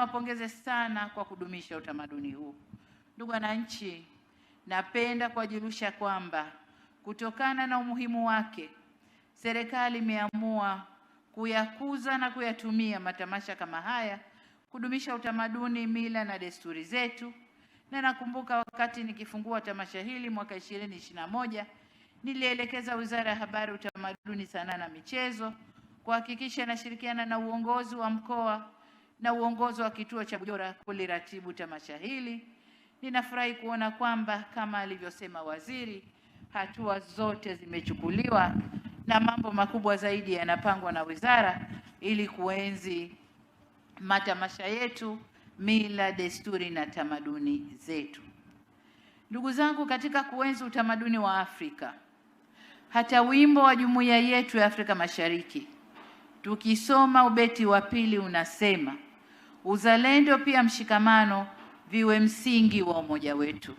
niwapongeze sana kwa kudumisha utamaduni huu. Ndugu wananchi, napenda kuwajulisha kwamba kutokana na umuhimu wake, serikali imeamua kuyakuza na kuyatumia matamasha kama haya kudumisha utamaduni, mila na desturi zetu. Na nakumbuka wakati nikifungua tamasha hili mwaka 2021 nilielekeza Wizara ya Habari, Utamaduni, Sanaa na Michezo kuhakikisha inashirikiana na uongozi wa mkoa na uongozi wa kituo cha Bujora kuliratibu tamasha hili. Ninafurahi kuona kwamba kama alivyosema waziri, hatua zote zimechukuliwa na mambo makubwa zaidi yanapangwa na wizara ili kuenzi matamasha yetu, mila, desturi na tamaduni zetu. Ndugu zangu, katika kuenzi utamaduni wa Afrika, hata wimbo wa jumuiya yetu ya Afrika Mashariki tukisoma ubeti wa pili unasema uzalendo pia mshikamano viwe msingi wa umoja wetu,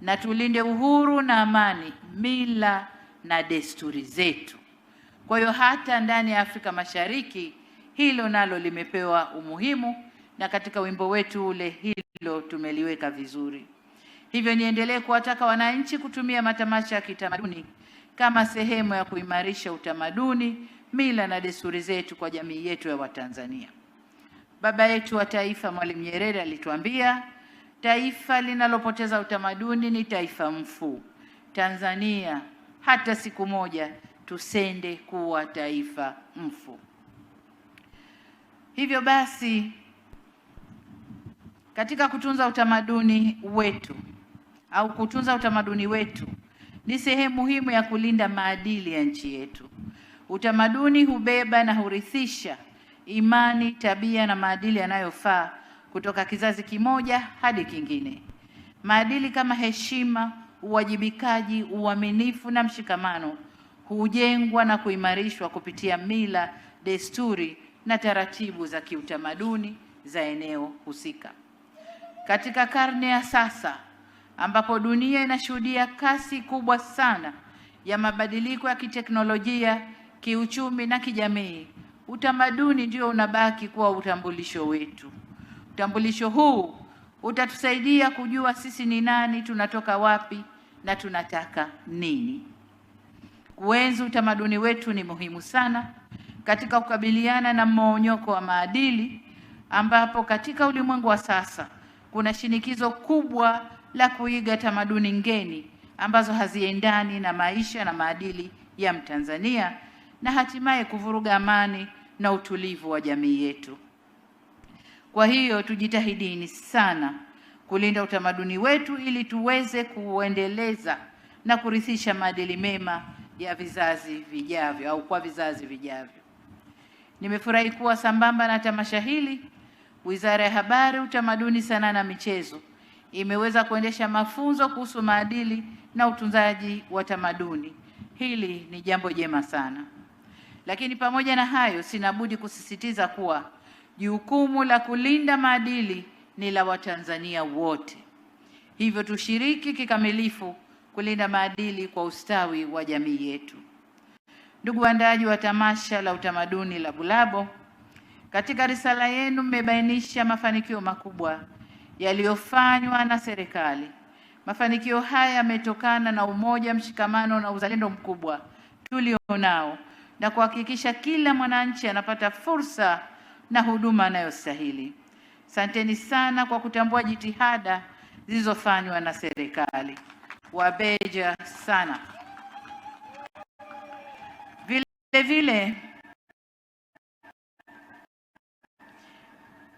na tulinde uhuru na amani, mila na desturi zetu. Kwa hiyo hata ndani ya Afrika Mashariki hilo nalo limepewa umuhimu, na katika wimbo wetu ule hilo tumeliweka vizuri. Hivyo niendelee kuwataka wananchi kutumia matamasha ya kitamaduni kama sehemu ya kuimarisha utamaduni, mila na desturi zetu kwa jamii yetu ya Watanzania. Baba yetu wa taifa Mwalimu Nyerere alituambia, taifa linalopoteza utamaduni ni taifa mfu. Tanzania hata siku moja tusende kuwa taifa mfu. Hivyo basi, katika kutunza utamaduni wetu au kutunza utamaduni wetu ni sehemu muhimu ya kulinda maadili ya nchi yetu. Utamaduni hubeba na hurithisha imani, tabia na maadili yanayofaa kutoka kizazi kimoja hadi kingine. Maadili kama heshima, uwajibikaji, uaminifu na mshikamano hujengwa na kuimarishwa kupitia mila, desturi na taratibu za kiutamaduni za eneo husika. Katika karne ya sasa ambapo dunia inashuhudia kasi kubwa sana ya mabadiliko ya kiteknolojia, kiuchumi na kijamii Utamaduni ndio unabaki kuwa utambulisho wetu. Utambulisho huu utatusaidia kujua sisi ni nani, tunatoka wapi na tunataka nini. Kuenzi utamaduni wetu ni muhimu sana katika kukabiliana na mmomonyoko wa maadili, ambapo katika ulimwengu wa sasa kuna shinikizo kubwa la kuiga tamaduni ngeni ambazo haziendani na maisha na maadili ya Mtanzania na hatimaye kuvuruga amani na utulivu wa jamii yetu. Kwa hiyo tujitahidini sana kulinda utamaduni wetu ili tuweze kuendeleza na kurithisha maadili mema ya vizazi vijavyo au kwa vizazi vijavyo. Nimefurahi kuwa sambamba na tamasha hili, Wizara ya Habari, Utamaduni, Sanaa na Michezo imeweza kuendesha mafunzo kuhusu maadili na utunzaji wa tamaduni. Hili ni jambo jema sana. Lakini pamoja na hayo, sina budi kusisitiza kuwa jukumu la kulinda maadili ni la Watanzania wote. Hivyo tushiriki kikamilifu kulinda maadili kwa ustawi wa jamii yetu. Ndugu waandaaji wa tamasha la utamaduni la Bulabo, katika risala yenu mmebainisha mafanikio makubwa yaliyofanywa na serikali. Mafanikio haya yametokana na umoja, mshikamano na uzalendo mkubwa tulionao na kuhakikisha kila mwananchi anapata fursa na huduma anayostahili. Asanteni sana kwa kutambua jitihada zilizofanywa na serikali, wabeja sana. Vile vile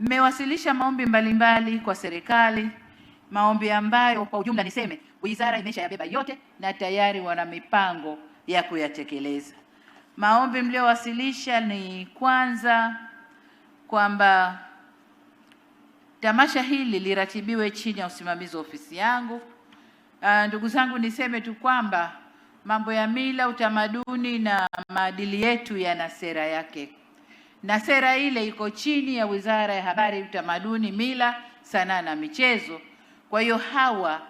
mmewasilisha maombi mbalimbali mbali kwa serikali, maombi ambayo kwa ujumla niseme wizara imeshayabeba yote na tayari wana mipango ya kuyatekeleza. Maombi mliowasilisha ni kwanza kwamba tamasha hili liratibiwe chini ya usimamizi wa ofisi yangu. Uh, ndugu zangu, niseme tu kwamba mambo ya mila, utamaduni na maadili yetu yana sera yake, na sera ile iko chini ya Wizara ya Habari, Utamaduni, Mila, Sanaa na Michezo. Kwa hiyo hawa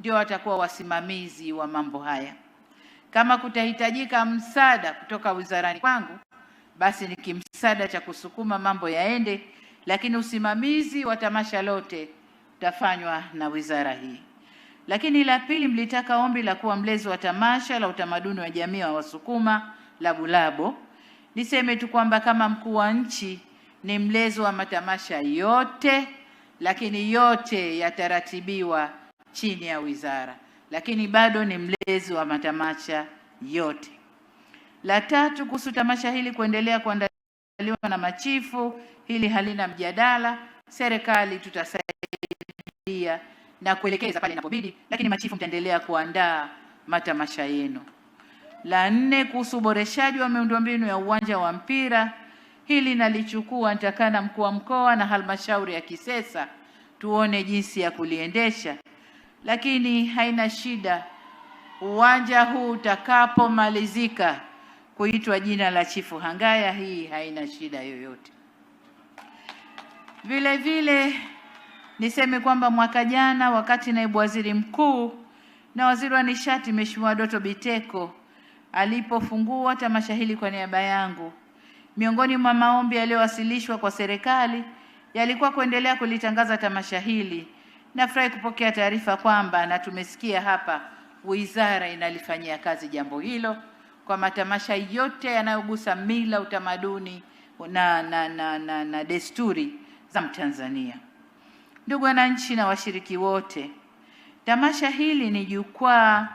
ndio watakuwa wasimamizi wa mambo haya. Kama kutahitajika msaada kutoka wizarani kwangu, basi ni kimsaada cha kusukuma mambo yaende, lakini usimamizi wa tamasha lote utafanywa na wizara hii. Lakini la pili, mlitaka ombi la kuwa mlezi wa tamasha la utamaduni wa jamii wa Wasukuma bulabo Niseme tu kwamba kama mkuu wa nchi ni mlezi wa matamasha yote, lakini yote yataratibiwa chini ya wizara lakini bado ni mlezi wa matamasha yote. La tatu, kuhusu tamasha hili kuendelea kuandaliwa na machifu, hili halina mjadala. Serikali tutasaidia na kuelekeza pale inapobidi, lakini machifu mtaendelea kuandaa matamasha yenu. La nne, kuhusu uboreshaji wa miundombinu ya uwanja wa mpira, hili nalichukua, nitakana mkuu wa mkoa na halmashauri ya Kisesa tuone jinsi ya kuliendesha lakini haina shida. Uwanja huu utakapomalizika kuitwa jina la Chifu Hangaya, hii haina shida yoyote. Vile vile niseme kwamba mwaka jana, wakati naibu waziri mkuu na waziri wa nishati Mheshimiwa Doto Biteko alipofungua tamasha hili kwa niaba yangu, miongoni mwa maombi yaliyowasilishwa kwa serikali yalikuwa kuendelea kulitangaza tamasha hili Nafurahi kupokea taarifa kwamba na tumesikia hapa wizara inalifanyia kazi jambo hilo kwa matamasha yote yanayogusa mila, utamaduni na, na, na, na, na desturi za Mtanzania. Ndugu wananchi na washiriki wote, tamasha hili ni jukwaa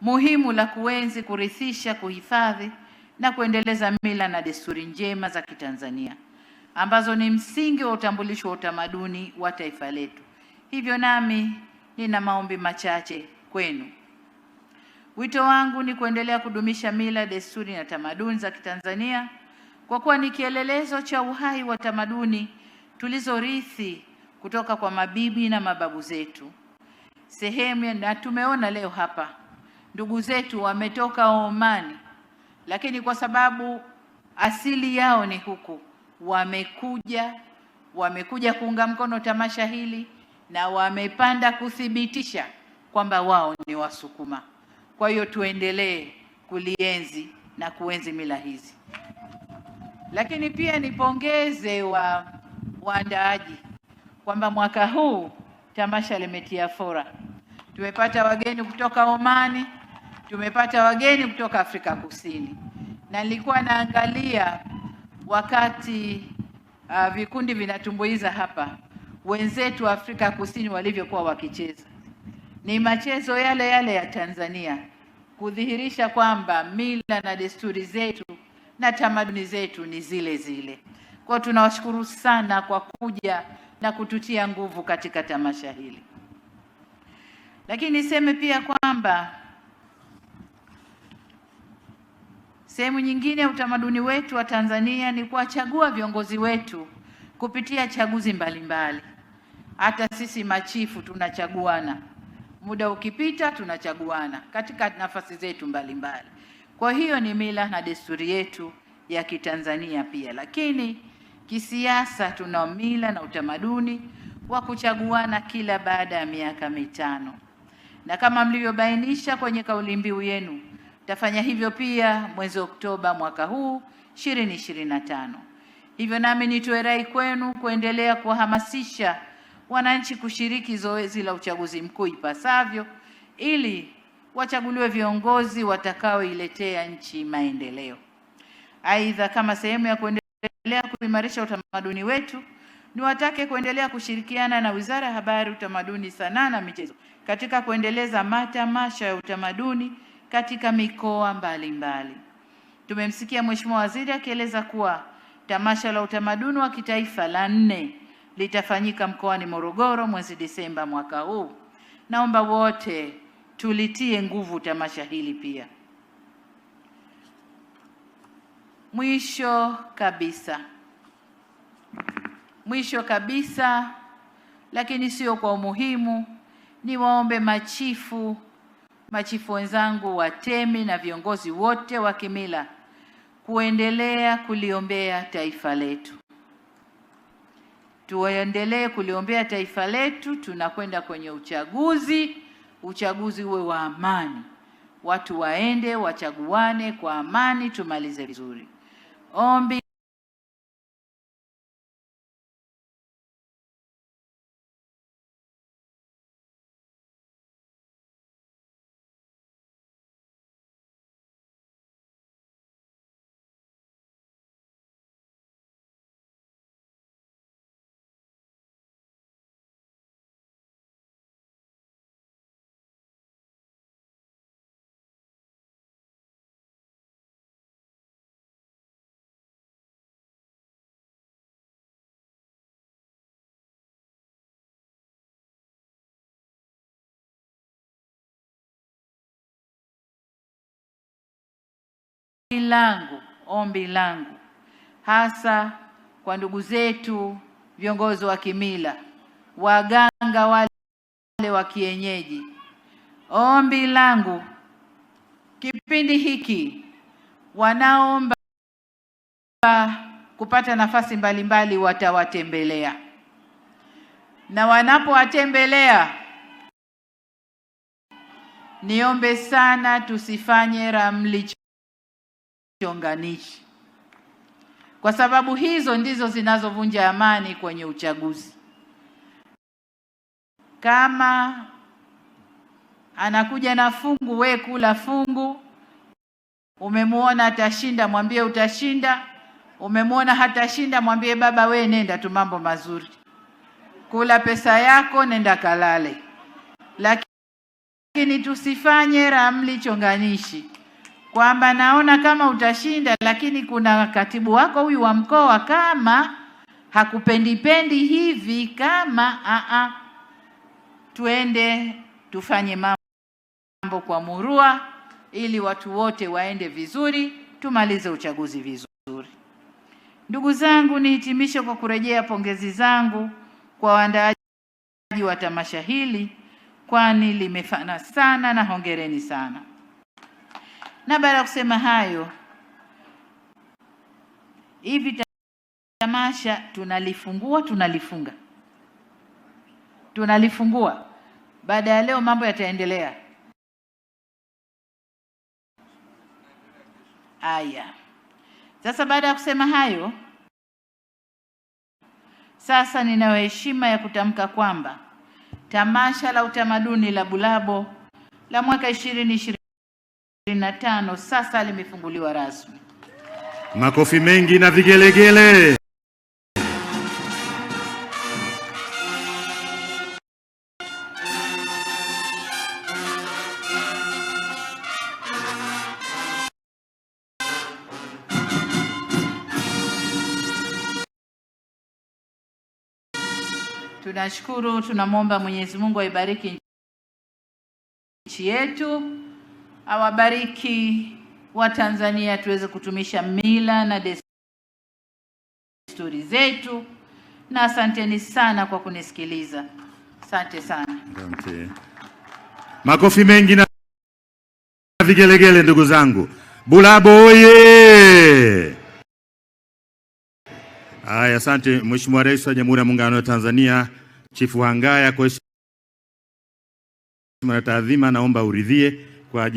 muhimu la kuenzi, kurithisha, kuhifadhi na kuendeleza mila na desturi njema za Kitanzania ambazo ni msingi wa utambulisho wa utamaduni wa taifa letu. Hivyo nami nina maombi machache kwenu. Wito wangu ni kuendelea kudumisha mila, desturi na tamaduni za Kitanzania kwa kuwa ni kielelezo cha uhai wa tamaduni tulizorithi kutoka kwa mabibi na mababu zetu. Sehemu na tumeona leo hapa ndugu zetu wametoka Omani, lakini kwa sababu asili yao ni huku, wamekuja wamekuja kuunga mkono tamasha hili na wamepanda kuthibitisha kwamba wao ni Wasukuma. Kwa hiyo tuendelee kulienzi na kuenzi mila hizi, lakini pia nipongeze wa waandaaji kwamba mwaka huu tamasha limetia fora. Tumepata wageni kutoka Omani, tumepata wageni kutoka Afrika Kusini, na nilikuwa naangalia wakati uh, vikundi vinatumbuiza hapa wenzetu wa Afrika Kusini walivyokuwa wakicheza. Ni machezo yale yale ya Tanzania, kudhihirisha kwamba mila na desturi zetu na tamaduni zetu ni zile zile. Kwa tunawashukuru sana kwa kuja na kututia nguvu katika tamasha hili, lakini niseme pia kwamba Sehemu nyingine ya utamaduni wetu wa Tanzania ni kuwachagua viongozi wetu kupitia chaguzi mbalimbali mbali. Hata sisi machifu tunachaguana, muda ukipita tunachaguana katika nafasi zetu mbalimbali mbali. Kwa hiyo ni mila na desturi yetu ya Kitanzania pia, lakini kisiasa tuna mila na utamaduni wa kuchaguana kila baada ya miaka mitano, na kama mlivyobainisha kwenye kauli mbiu yenu Tafanya hivyo pia mwezi Oktoba mwaka huu 2025. Hivyo nami nitoe rai kwenu kuendelea kuwahamasisha wananchi kushiriki zoezi la uchaguzi mkuu ipasavyo ili wachaguliwe viongozi watakaoiletea nchi maendeleo. Aidha, kama sehemu ya kuendelea kuimarisha utamaduni wetu, niwatake kuendelea kushirikiana na Wizara ya Habari, Utamaduni, Sanaa na Michezo katika kuendeleza matamasha ya utamaduni katika mikoa mbalimbali. Tumemsikia Mheshimiwa Waziri akieleza kuwa tamasha la utamaduni wa kitaifa la nne litafanyika mkoani Morogoro mwezi Disemba mwaka huu. Naomba wote tulitie nguvu tamasha hili pia. Mwisho kabisa, mwisho kabisa, lakini sio kwa umuhimu, niwaombe machifu machifu wenzangu wa TEMI na viongozi wote wa kimila kuendelea kuliombea taifa letu. Tuendelee kuliombea taifa letu. Tunakwenda kwenye uchaguzi, uchaguzi uwe wa amani, watu waende wachaguane kwa amani, tumalize vizuri. Ombi langu, ombi langu hasa kwa ndugu zetu viongozi wa kimila, waganga wale wa kienyeji, ombi langu kipindi hiki wanaomba kupata nafasi mbalimbali, watawatembelea na wanapowatembelea, niombe sana tusifanye ramli Chonganishi kwa sababu hizo ndizo zinazovunja amani kwenye uchaguzi. Kama anakuja na fungu, we kula fungu. Umemwona atashinda, mwambie utashinda. Umemwona hatashinda, mwambie baba, we nenda tu, mambo mazuri, kula pesa yako, nenda kalale. Lakini tusifanye ramli chonganishi kwamba naona kama utashinda, lakini kuna katibu wako huyu wa mkoa kama hakupendipendi hivi, kama aa, tuende tufanye mambo kwa murua, ili watu wote waende vizuri, tumalize uchaguzi vizuri. Ndugu zangu, nihitimishe kwa kurejea pongezi zangu kwa waandaaji wa tamasha hili, kwani limefana sana, na hongereni sana. Na baada ya kusema hayo, hivi tamasha tunalifungua, tunalifunga, tunalifungua. Baada ya leo mambo yataendelea. Aya, sasa baada ya kusema hayo, sasa ninayo heshima ya kutamka kwamba tamasha la utamaduni la Bulabo la mwaka 2020 25 sasa limefunguliwa rasmi. Makofi mengi na vigelegele. Tunashukuru, tunamwomba Mwenyezi Mungu aibariki nchi yetu awabariki Watanzania tuweze kutumisha mila na desturi zetu, na asanteni sana kwa kunisikiliza. Asante sana, asante. Makofi mengi na vigelegele, ndugu zangu. Bulabo oye! Aya, asante Mheshimiwa Rais wa Jamhuri ya Muungano wa Tanzania, Chifu Hangaya, kwa heshima na taadhima, naomba uridhie kwa ajili